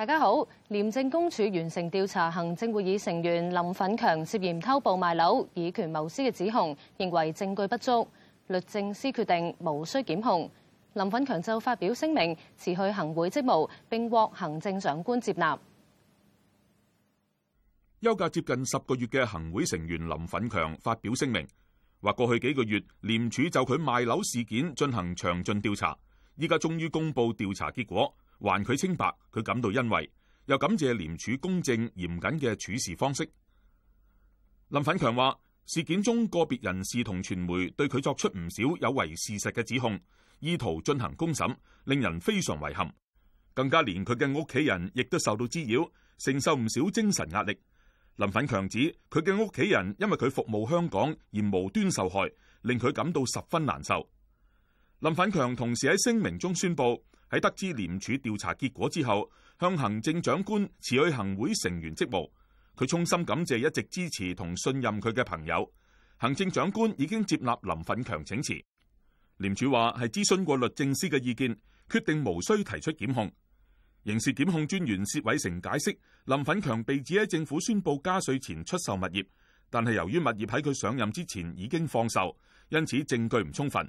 大家好，廉政公署完成調查，行政會議成員林奮強涉嫌偷步賣樓、以權謀私嘅指控，認為證據不足，律政司決定無需檢控。林奮強就發表聲明辭去行會職務，並獲行政長官接納。休假接近十個月嘅行會成員林奮強發表聲明，話過去幾個月，廉署就佢賣樓事件進行詳盡調查，依家終於公布調查結果。還佢清白，佢感到欣慰，又感謝廉署公正嚴謹嘅處事方式。林奮強話：事件中個別人士同傳媒對佢作出唔少有違事實嘅指控，意圖進行公審，令人非常遺憾。更加連佢嘅屋企人亦都受到滋擾，承受唔少精神壓力。林奮強指佢嘅屋企人因為佢服務香港而無端受害，令佢感到十分難受。林奮強同時喺聲明中宣布。喺得知廉署調查結果之後，向行政長官辭去行會成員職務。佢衷心感謝一直支持同信任佢嘅朋友。行政長官已經接納林奮強請辭。廉署話係諮詢過律政司嘅意見，決定無需提出檢控。刑事檢控專員薛偉成解釋，林奮強被指喺政府宣布加稅前出售物業，但係由於物業喺佢上任之前已經放售，因此證據唔充分。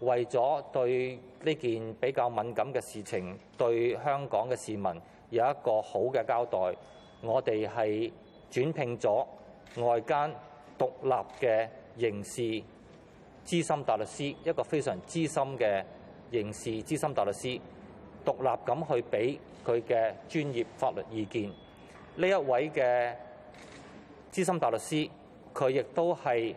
為咗對呢件比較敏感嘅事情，對香港嘅市民有一個好嘅交代，我哋係轉聘咗外間獨立嘅刑事資深大律師，一個非常資深嘅刑事資深大律師，獨立咁去俾佢嘅專業法律意見。呢一位嘅資深大律師，佢亦都係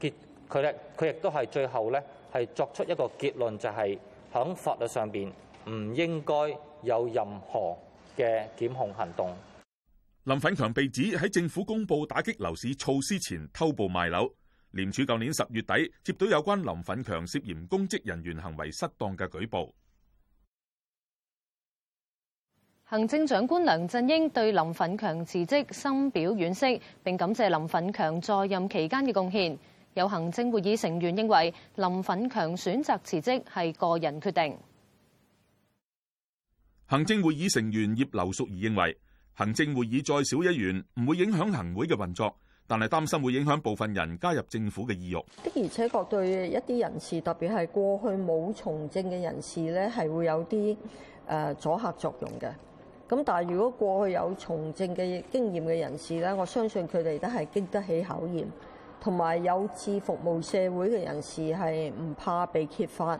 結佢咧，佢亦都係最後咧，係作出一個結論，就係、是、喺法律上邊唔應該有任何嘅檢控行動。林奮強被指喺政府公布打擊樓市措施前偷步賣樓，廉署舊年十月底接到有關林奮強涉嫌公職人員行為失當嘅舉報。行政長官梁振英對林奮強辭職深表惋惜，並感謝林奮強在任期間嘅貢獻。有行政會議成員認為林奮強選擇辭職係個人決定。行政會議成員葉劉淑儀認為，行政會議再少一員唔會影響行會嘅運作，但係擔心會影響部分人加入政府嘅意欲。的而且確對一啲人士，特別係過去冇從政嘅人士咧，係會有啲誒阻嚇作用嘅。咁但係如果過去有從政嘅經驗嘅人士咧，我相信佢哋都係經得起考驗。同埋有，有志服務社會嘅人士係唔怕被揭發，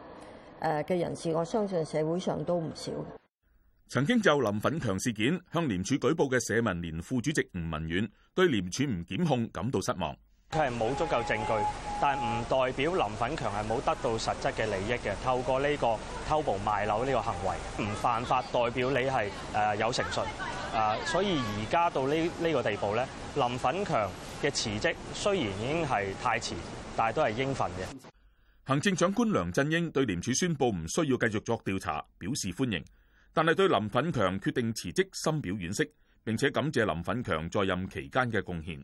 誒嘅人士，我相信社會上都唔少。曾經就林奮強事件向廉署舉報嘅社民連副主席吳文遠對廉署唔檢控感到失望。佢係冇足夠證據，但係唔代表林奮強係冇得到實質嘅利益嘅。透過呢個偷步賣樓呢個行為唔犯法，代表你係誒有誠信。啊！所以而家到呢呢、這個地步咧，林奮強嘅辭職雖然已經係太遲，但係都係應份嘅。行政長官梁振英對廉署宣布唔需要繼續作調查表示歡迎，但係對林奮強決定辭職深表惋惜，並且感謝林奮強在任期間嘅貢獻。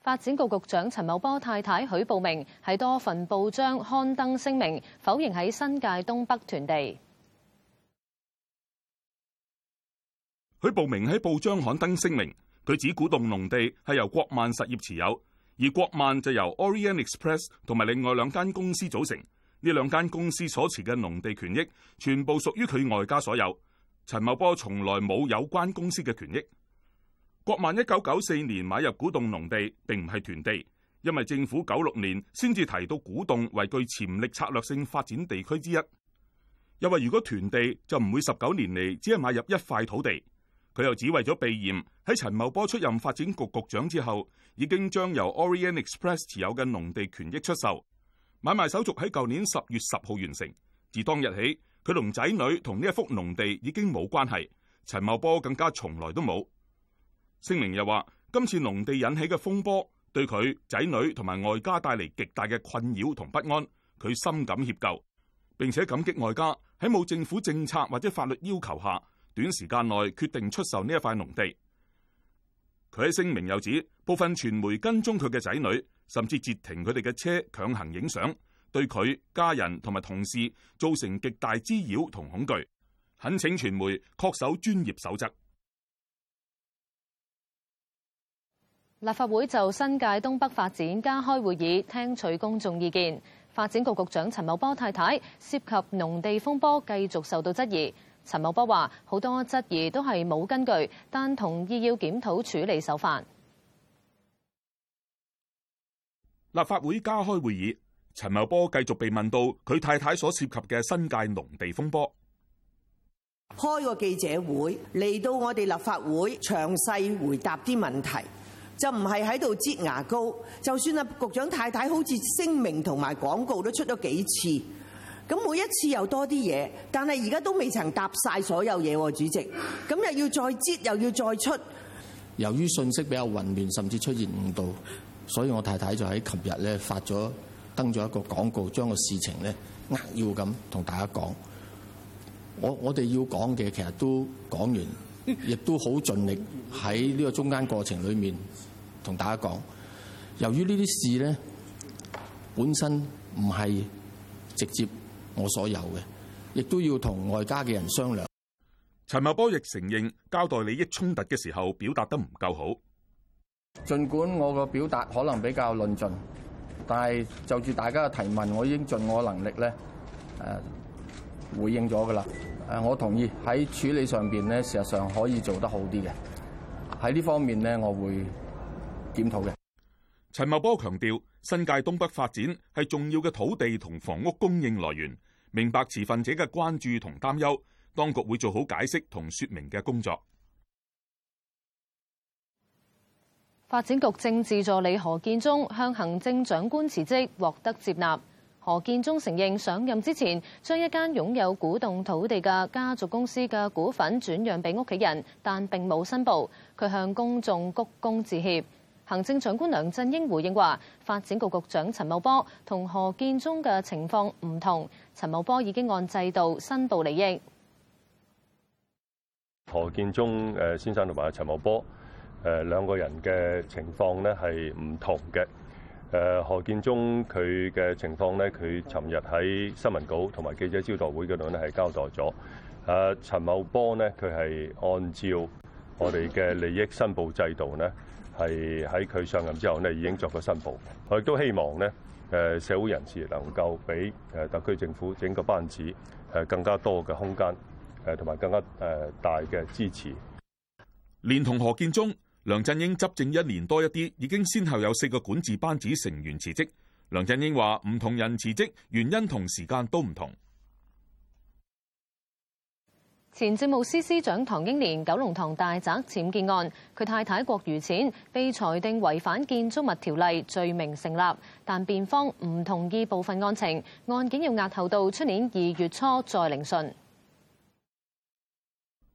發展局局長陳茂波太太許步明喺多份報章刊登聲明，否認喺新界東北囤地。佢報名喺報章刊登聲明，佢指古洞農地係由國萬實業持有，而國萬就由 Orient Express 同埋另外兩間公司組成。呢兩間公司所持嘅農地權益，全部屬於佢外家所有。陳茂波從來冇有，有關公司嘅權益。國萬一九九四年買入古洞農地，並唔係團地，因為政府九六年先至提到古洞為具潛力策略性發展地區之一。又話，如果團地就唔會十九年嚟只係買入一塊土地。佢又只為咗避嫌，喺陳茂波出任發展局局長之後，已經將由 Orient Express 持有嘅農地權益出售，買賣手續喺舊年十月十號完成。自當日起，佢同仔女同呢一幅農地已經冇關係。陳茂波更加從來都冇聲明又，又話今次農地引起嘅風波，對佢仔女同埋外家帶嚟極大嘅困擾同不安，佢深感歉疚，並且感激外家喺冇政府政策或者法律要求下，短時間內決定出售呢一塊農地，佢喺聲明又指部分傳媒跟蹤佢嘅仔女，甚至截停佢哋嘅車，強行影相，對佢家人同埋同事造成極大滋擾同恐懼，懇請傳媒確守專業守則。立法會就新界東北發展加開會議，聽取公眾意見。發展局局長陳茂波太太涉及農地風波，繼續受到質疑。陳茂波話，好多質疑都係冇根據，但同意要檢討處理手法。立法會加開會議，陳茂波繼續被問到佢太太所涉及嘅新界農地風波。開個記者會嚟到我哋立法會，詳細回答啲問題，就唔係喺度擠牙膏。就算啊局長太太好似聲明同埋廣告都出咗幾次。咁每一次又多啲嘢，但係而家都未曾答晒所有嘢，主席。咁又要再接又要再出。由於信息比較混亂，甚至出現誤導，所以我太太就喺琴日咧發咗登咗一個廣告，將個事情咧扼要咁同大家講。我我哋要講嘅其實都講完，亦都好盡力喺呢個中間過程裏面同大家講。由於呢啲事咧本身唔係直接。我所有嘅，亦都要同外家嘅人商量。陳茂波亦承認交代利益衝突嘅時候表達得唔夠好。盡管我嘅表達可能比較論盡，但係就住大家嘅提問，我已經盡我能力咧誒回應咗噶啦。誒，我同意喺處理上邊咧，事實上可以做得好啲嘅。喺呢方面咧，我會檢討嘅。陳茂波強調，新界東北發展係重要嘅土地同房屋供應來源。明白持份者嘅關注同擔憂，當局會做好解釋同說明嘅工作。發展局政治助理何建宗向行政長官辭職獲得接納，何建宗承認上任之前將一間擁有古洞土地嘅家族公司嘅股份轉讓俾屋企人，但並冇申報，佢向公眾鞠躬致歉。行政長官梁振英回應話，發展局局長陳茂波同何建宗嘅情況唔同。陳茂波已經按制度申報利益。何建宗誒先生同埋陳茂波誒兩個人嘅情況咧係唔同嘅。誒何建宗佢嘅情況咧，佢尋日喺新聞稿同埋記者招待會嗰度咧係交代咗。誒陳茂波呢，佢係按照我哋嘅利益申報制度咧，係喺佢上任之後呢已經作咗申報。佢亦都希望咧。誒社會人士能夠俾誒特區政府整個班子誒更加多嘅空間，誒同埋更加誒大嘅支持。連同何建宗、梁振英執政一年多一啲，已經先後有四個管治班子成員辭職。梁振英話：唔同人辭職原因同時間都唔同。前政務司司長唐英年九龍塘大宅僭建案，佢太太郭如淺被裁定違反建築物條例罪名成立，但辯方唔同意部分案情，案件要押後到出年二月初再聆訊。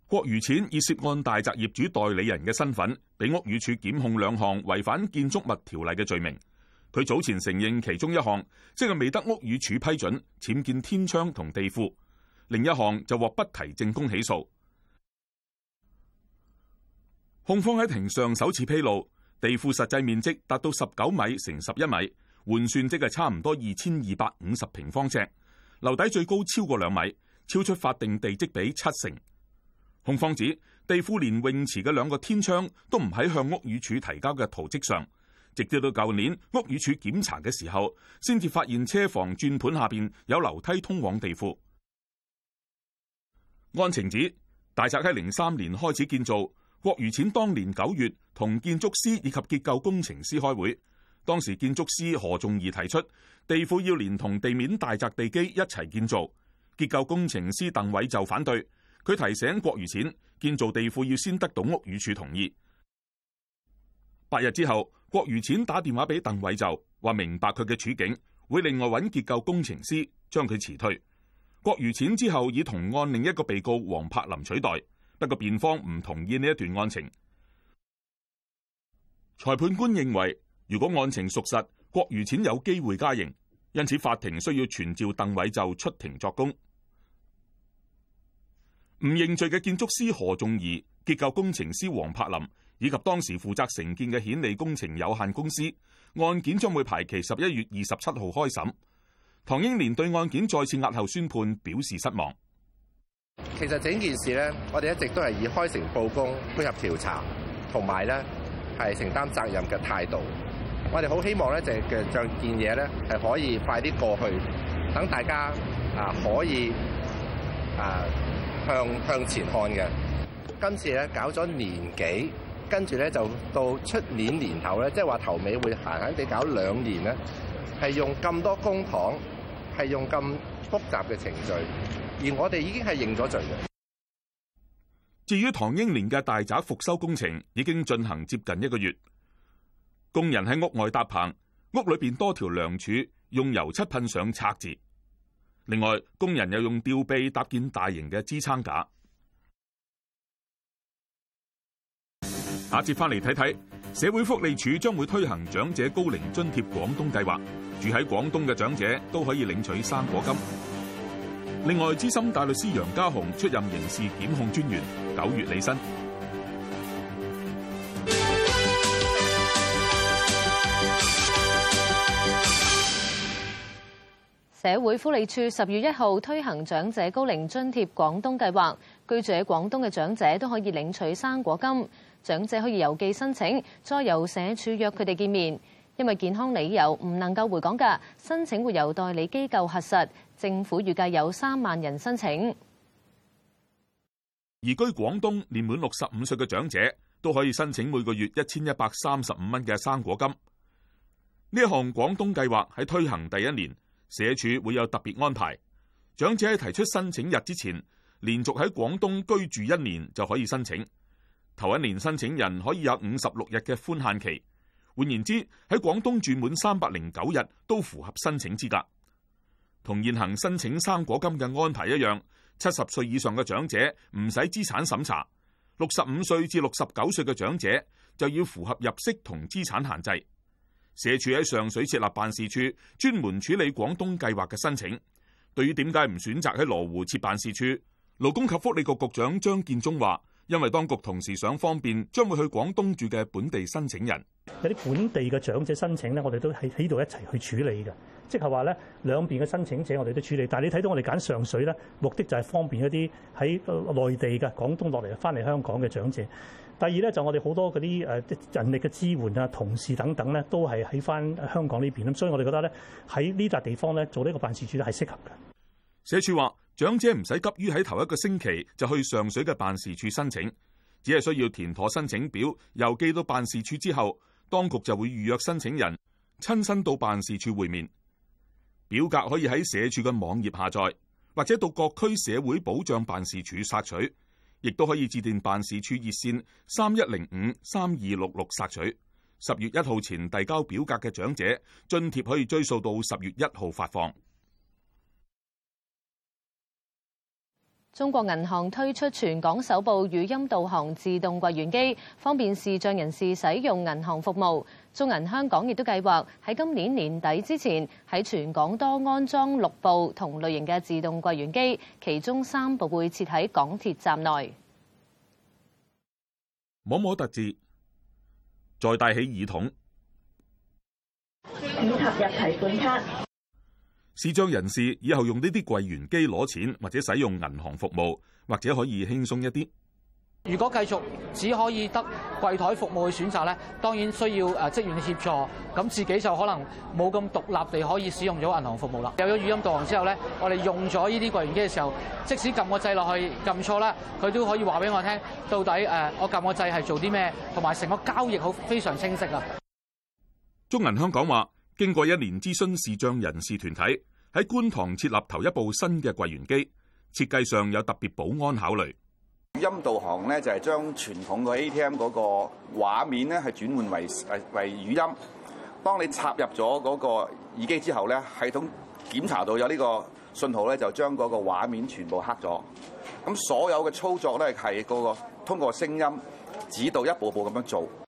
郭如淺以涉案大宅業主代理人嘅身份，俾屋宇署檢控兩項違反建築物條例嘅罪名。佢早前承認其中一項，即係未得屋宇署批准僭建天窗同地庫。另一項就獲不提證供起訴。控方喺庭上首次披露地庫實際面積達到十九米乘十一米，換算即係差唔多二千二百五十平方尺。樓底最高超過兩米，超出法定地積比七成。控方指地庫連泳池嘅兩個天窗都唔喺向屋宇署提交嘅圖則上，直至到舊年屋宇署檢查嘅時候，先至發現車房轉盤下邊有樓梯通往地庫。案情指大宅喺零三年開始建造，郭如淺當年九月同建築師以及結構工程師開會，當時建築師何仲儀提出地庫要連同地面大宅地基一齊建造，結構工程師鄧偉就反對，佢提醒郭如淺建造地庫要先得到屋宇署同意。八日之後，郭如淺打電話俾鄧偉就，話明白佢嘅處境，會另外揾結構工程師將佢辭退。郭如錢之後以同案另一個被告黃柏林取代，不過辯方唔同意呢一段案情。裁判官認為，如果案情屬實，郭如錢有機會加刑，因此法庭需要傳召鄧偉就出庭作供。唔認罪嘅建築師何仲儀、結構工程師黃柏林以及當時負責承建嘅顯利工程有限公司，案件將會排期十一月二十七號開審。唐英年對案件再次押後宣判表示失望。其實整件事咧，我哋一直都係以開誠布公、配合調查同埋咧係承擔責任嘅態度。我哋好希望咧就係嘅像件嘢咧係可以快啲過去，等大家啊可以啊向向前看嘅。今次咧搞咗年幾。跟住咧就到出年年頭咧，即係話頭尾會閒閒地搞兩年咧，係用咁多公帑，係用咁複雜嘅程序，而我哋已經係認咗罪嘅。至於唐英年嘅大宅復修工程已經進行接近一個月，工人喺屋外搭棚，屋裏邊多條梁柱用油漆噴上拆字，另外工人又用吊臂搭建大型嘅支撐架。下節翻嚟睇睇，社會福利署將會推行長者高齡津貼廣東計劃，住喺廣東嘅長者都可以領取生果金。另外，資深大律師楊家雄出任刑事檢控專員，九月履新。社會福利署十月一號推行長者高齡津貼廣東計劃，居住喺廣東嘅長者都可以領取生果金。長者可以郵寄申請，再由社署約佢哋見面。因為健康理由唔能夠回港嘅，申請會由代理機構核實。政府預計有三萬人申請。移居廣東年滿六十五歲嘅長者都可以申請每個月一千一百三十五蚊嘅生果金。呢項廣東計劃喺推行第一年，社署會有特別安排。長者喺提出申請日之前，連續喺廣東居住一年就可以申請。頭一年申請人可以有五十六日嘅寬限期，換言之，喺廣東住滿三百零九日都符合申請資格。同現行申請生果金嘅安排一樣，七十歲以上嘅長者唔使資產審查，六十五歲至六十九歲嘅長者就要符合入息同資產限制。社署喺上水設立辦事處，專門處理廣東計劃嘅申請。對於點解唔選擇喺羅湖設辦事處，勞工及福利局局長張建宗話。因為當局同時想方便，將會去廣東住嘅本地申請人，有啲本地嘅長者申請咧，我哋都喺喺度一齊去處理嘅，即係話咧，兩邊嘅申請者我哋都處理。但係你睇到我哋揀上水咧，目的就係方便一啲喺內地嘅廣東落嚟翻嚟香港嘅長者。第二咧就我哋好多嗰啲誒人力嘅支援啊，同事等等咧，都係喺返香港呢邊。咁所以我哋覺得咧喺呢笪地方咧做呢個辦事處係適合嘅。社署話。長者唔使急於喺頭一個星期就去上水嘅辦事處申請，只係需要填妥申請表，郵寄到辦事處之後，當局就會預約申請人親身到辦事處會面。表格可以喺社署嘅網頁下載，或者到各區社會保障辦事處索取，亦都可以致電辦事處熱線三一零五三二六六索取。十月一號前遞交表格嘅長者，津貼可以追溯到十月一號發放。中國銀行推出全港首部語音導航自動櫃員機，方便視障人士使用銀行服務。中銀香港亦都計劃喺今年年底之前喺全港多安裝六部同類型嘅自動櫃員機，其中三部會設喺港鐵站內。摸摸特字，再戴起耳筒，插入提款卡。視障人士以後用呢啲櫃員機攞錢或者使用銀行服務，或者可以輕鬆一啲。如果繼續只可以得櫃台服務嘅選擇咧，當然需要誒，職員嘅協助，咁自己就可能冇咁獨立地可以使用咗銀行服務啦。有咗語音導航之後咧，我哋用咗呢啲櫃員機嘅時候，即使撳個掣落去撳錯啦，佢都可以話俾我聽到底誒，我撳個掣係做啲咩，同埋成個交易好非常清晰啊。中銀香港話。經過一年諮詢視障人士團體，喺觀塘設立頭一部新嘅櫃員機，設計上有特別保安考慮。語音導航咧就係將傳統嘅 ATM 嗰個畫面咧係轉換為誒為語音。當你插入咗嗰個耳機之後咧，系統檢查到有呢個信號咧，就將嗰個畫面全部黑咗。咁所有嘅操作咧係個通過聲音指導一步步咁樣做。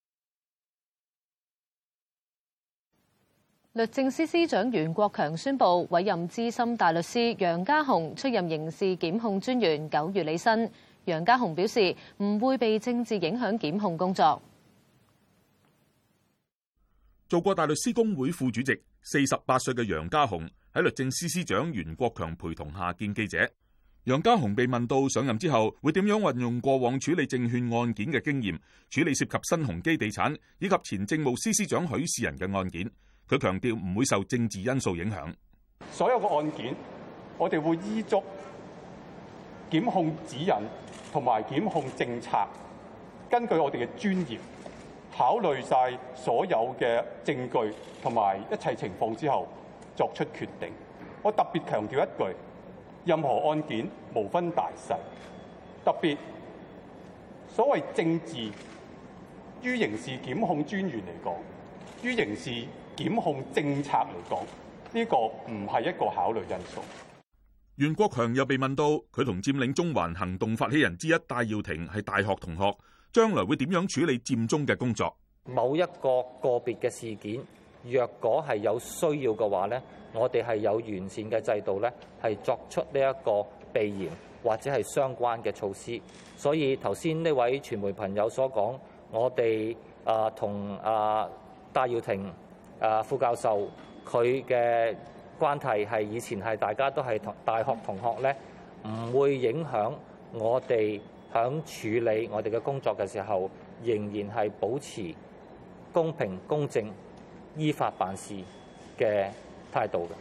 律政司司長袁國強宣布委任資深大律師楊家雄出任刑事檢控專員，九月履新。楊家雄表示唔會被政治影響檢控工作。做過大律師公會副主席，四十八歲嘅楊家雄喺律政司司長袁國強陪同下見記者。楊家雄被問到上任之後會點樣運用過往處理證券案件嘅經驗，處理涉及新鴻基地產以及前政務司司長許仕仁嘅案件。佢強調唔會受政治因素影響。所有嘅案件，我哋會依足檢控指引同埋檢控政策，根據我哋嘅專業，考慮晒所有嘅證據同埋一切情況之後作出決定。我特別強調一句：任何案件無分大細，特別所謂政治於刑事檢控專員嚟講，於刑事。檢控政策嚟講，呢個唔係一個考慮因素。袁國強又被問到，佢同佔領中環行動發起人之一戴耀廷係大學同學，將來會點樣處理佔中嘅工作？某一個個別嘅事件，若果係有需要嘅話呢，我哋係有完善嘅制度呢，係作出呢一個避嫌或者係相關嘅措施。所以頭先呢位傳媒朋友所講，我哋啊同啊戴耀廷。誒副教授佢嘅關係係以前係大家都係同大學同學咧，唔會影響我哋響處理我哋嘅工作嘅時候，仍然係保持公平公正、依法辦事嘅態度嘅。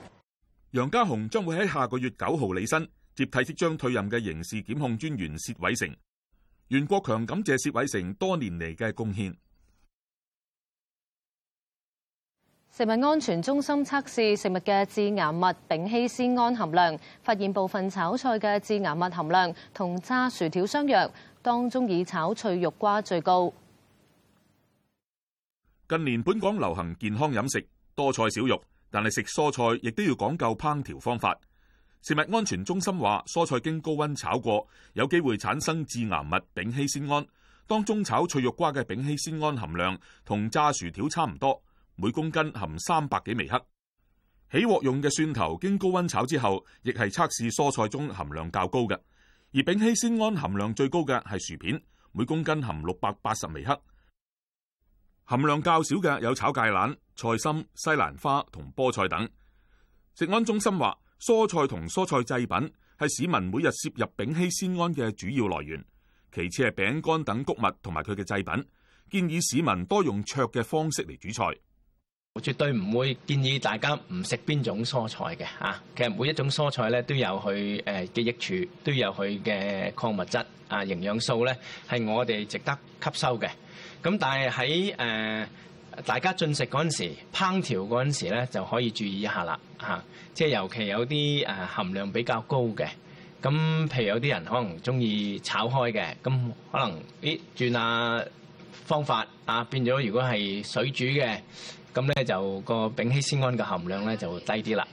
楊家雄將會喺下個月九號履新，接替即將退任嘅刑事檢控專員薛偉成。袁國強感謝薛偉成多年嚟嘅貢獻。食物安全中心測試食物嘅致癌物丙烯酰胺含量，發現部分炒菜嘅致癌物含量同炸薯條相若，當中以炒翠玉瓜最高。近年本港流行健康飲食，多菜少肉，但係食蔬菜亦都要講究烹調方法。食物安全中心話，蔬菜經高溫炒過，有機會產生致癌物丙烯酰胺，當中炒翠玉瓜嘅丙烯酰胺含量同炸薯條差唔多。每公斤含三百幾微克。起鑊用嘅蒜頭經高温炒之後，亦係測試蔬菜中含量較高嘅。而丙烯酰胺含量最高嘅係薯片，每公斤含六百八十微克。含量較少嘅有炒芥蘭、菜心、西蘭花同菠菜等。食安中心話，蔬菜同蔬菜製品係市民每日攝入丙烯酰胺嘅主要來源，其次係餅乾等穀物同埋佢嘅製品。建議市民多用焯嘅方式嚟煮菜。我絕對唔會建議大家唔食邊種蔬菜嘅啊。其實每一種蔬菜咧都有佢誒嘅益處，都有佢嘅礦物質啊，營養素咧係我哋值得吸收嘅。咁但係喺誒大家進食嗰陣時，烹調嗰陣時咧就可以注意一下啦吓、啊，即係尤其有啲誒、啊、含量比較高嘅，咁，譬如有啲人可能中意炒開嘅，咁可能咦轉下方法啊，變咗如果係水煮嘅。咁咧就個丙烯酰胺嘅含量咧就低啲啦。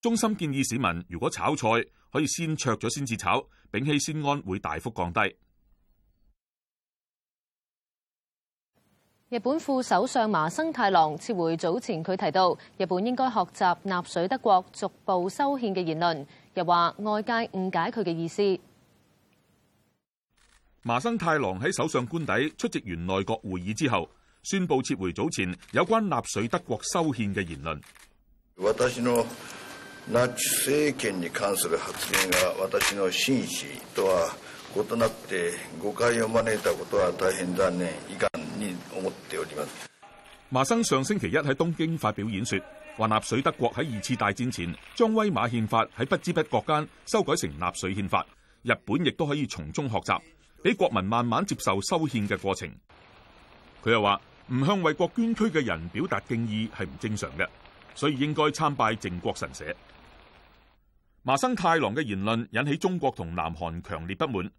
中心建議市民如果炒菜可以先焯咗先至炒，丙烯酰胺會大幅降低。日本副首相麻生太郎撤回早前佢提到日本應該學習納粹德國逐步修憲嘅言論，又話外界誤解佢嘅意思。麻生太郎喺首相官邸出席完內閣會議之後，宣布撤回早前有關納粹德國修憲嘅言論。我的納粹政権に関する発言が私の真意とは異なって誤解を招いたことは大変殘念に思っております。麻生上星期一喺東京發表演說，話納粹德國喺二次大戰前將威瑪憲法喺不知不覺間修改成納粹憲法，日本亦都可以從中學習，俾國民慢慢接受修憲嘅過程。佢又話。唔向為國捐軀嘅人表達敬意係唔正常嘅，所以應該參拜靖國神社。麻生太郎嘅言論引起中國同南韓強烈不滿，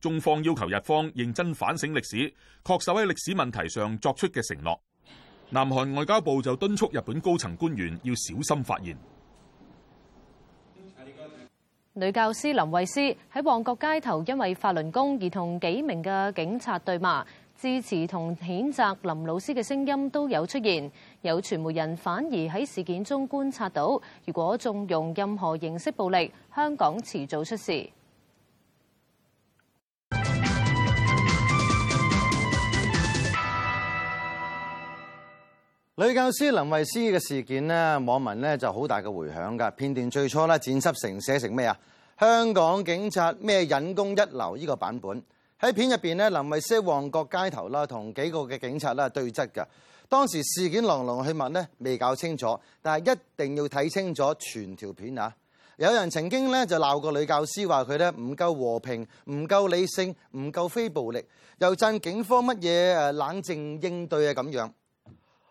中方要求日方認真反省歷史，恪守喺歷史問題上作出嘅承諾。南韓外交部就敦促日本高層官員要小心發言。女教師林慧思喺旺角街頭因為法輪功而同幾名嘅警察對罵。支持同譴責林老師嘅聲音都有出現，有傳媒人反而喺事件中觀察到，如果縱容任何形式暴力，香港遲早出事。女教師林慧思嘅事件呢，網民呢就好大嘅回響噶片段，最初呢，剪輯成寫成咩啊？香港警察咩引公一流呢個版本？喺片入邊咧，林慧思旺角街頭啦，同幾個嘅警察啦對質嘅。當時事件來龍去脈咧，未搞清楚，但係一定要睇清楚全條片啊！有人曾經咧就鬧過女教師話佢咧唔夠和平、唔夠理性、唔夠非暴力，又讚警方乜嘢誒冷靜應對啊咁樣。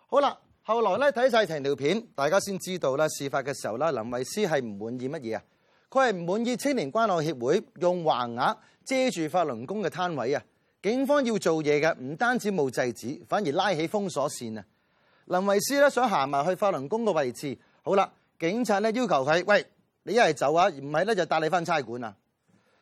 好啦，後來咧睇晒成條片，大家先知道啦，事發嘅時候啦，林慧思係唔滿意乜嘢啊？佢係唔滿意青年關愛協會用橫額。遮住法輪功嘅攤位啊！警方要做嘢嘅，唔單止冇制止，反而拉起封鎖線啊！林慧思咧想行埋去法輪功嘅位置，好啦，警察咧要求佢：喂，你一係走啊，唔係咧就帶你翻差館啊！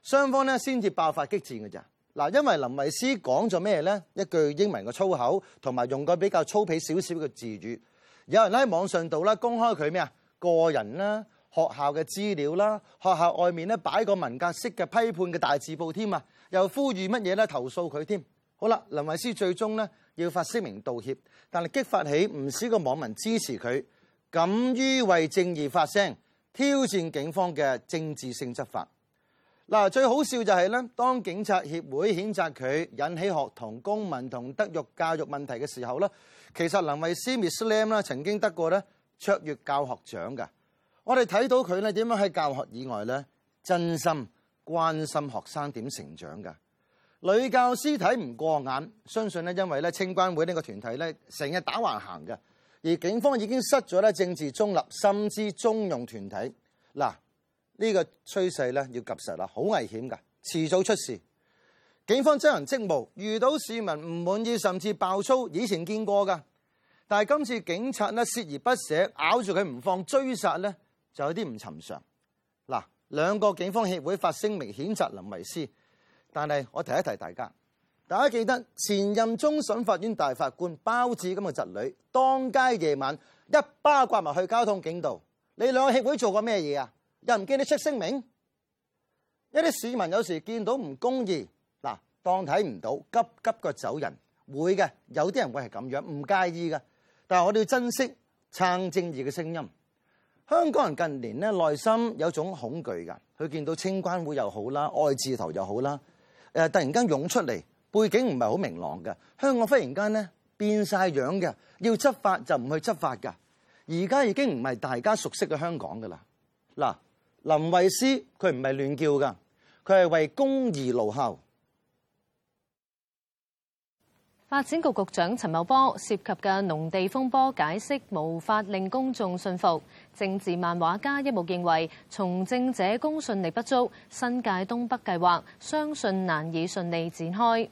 雙方咧先至爆發激戰嘅咋嗱，因為林慧思講咗咩咧？一句英文嘅粗口，同埋用個比較粗鄙少少嘅字語，有人喺網上度啦公開佢咩啊？個人啦。學校嘅資料啦，學校外面咧擺個文革式嘅批判嘅大字報添啊，又呼籲乜嘢咧？投訴佢添。好啦，林慧思最終咧要發聲明道歉，但係激發起唔少嘅網民支持佢，敢於為正義發聲，挑戰警方嘅政治性執法。嗱，最好笑就係咧，當警察協會譴責佢引起學童公民同德育教育問題嘅時候咧，其實林慧思 Miss Lam 啦曾經得過咧卓越教學獎㗎。我哋睇到佢咧，點樣喺教學以外咧，真心關心學生點成長噶，女教師睇唔過眼，相信呢因為咧青關會呢個團體咧成日打橫行嘅，而警方已經失咗咧政治中立，甚至中用團體嗱，呢個趨勢咧要及實啦，好危險噶，遲早出事。警方執行職務遇到市民唔滿意，甚至爆粗，以前見過噶，但係今次警察呢鍥而不捨，咬住佢唔放，追殺咧。就有啲唔尋常。嗱，兩個警方協會發聲明譴責林慧思，但係我提一提大家，大家記得前任終審法院大法官包致金咁嘅侄女，當街夜晚一巴刮埋去交通警度。你兩個協會做過咩嘢啊？又唔見你出聲明。一啲市民有時見到唔公義，嗱當睇唔到，急急腳走人，會嘅有啲人會係咁樣，唔介意嘅。但係我哋要珍惜撐正義嘅聲音。香港人近年咧，內心有種恐懼噶，佢見到青關會又好啦，愛字頭又好啦，突然間湧出嚟，背景唔係好明朗噶，香港忽然間咧變晒樣嘅，要執法就唔去執法噶，而家已經唔係大家熟悉嘅香港噶啦。嗱，林慧思佢唔係亂叫噶，佢係為公義勞效。發展局局長陳茂波涉及嘅農地風波解釋無法令公眾信服，政治漫畫家一木認為從政者公信力不足，新界東北計劃相信難以順利展開。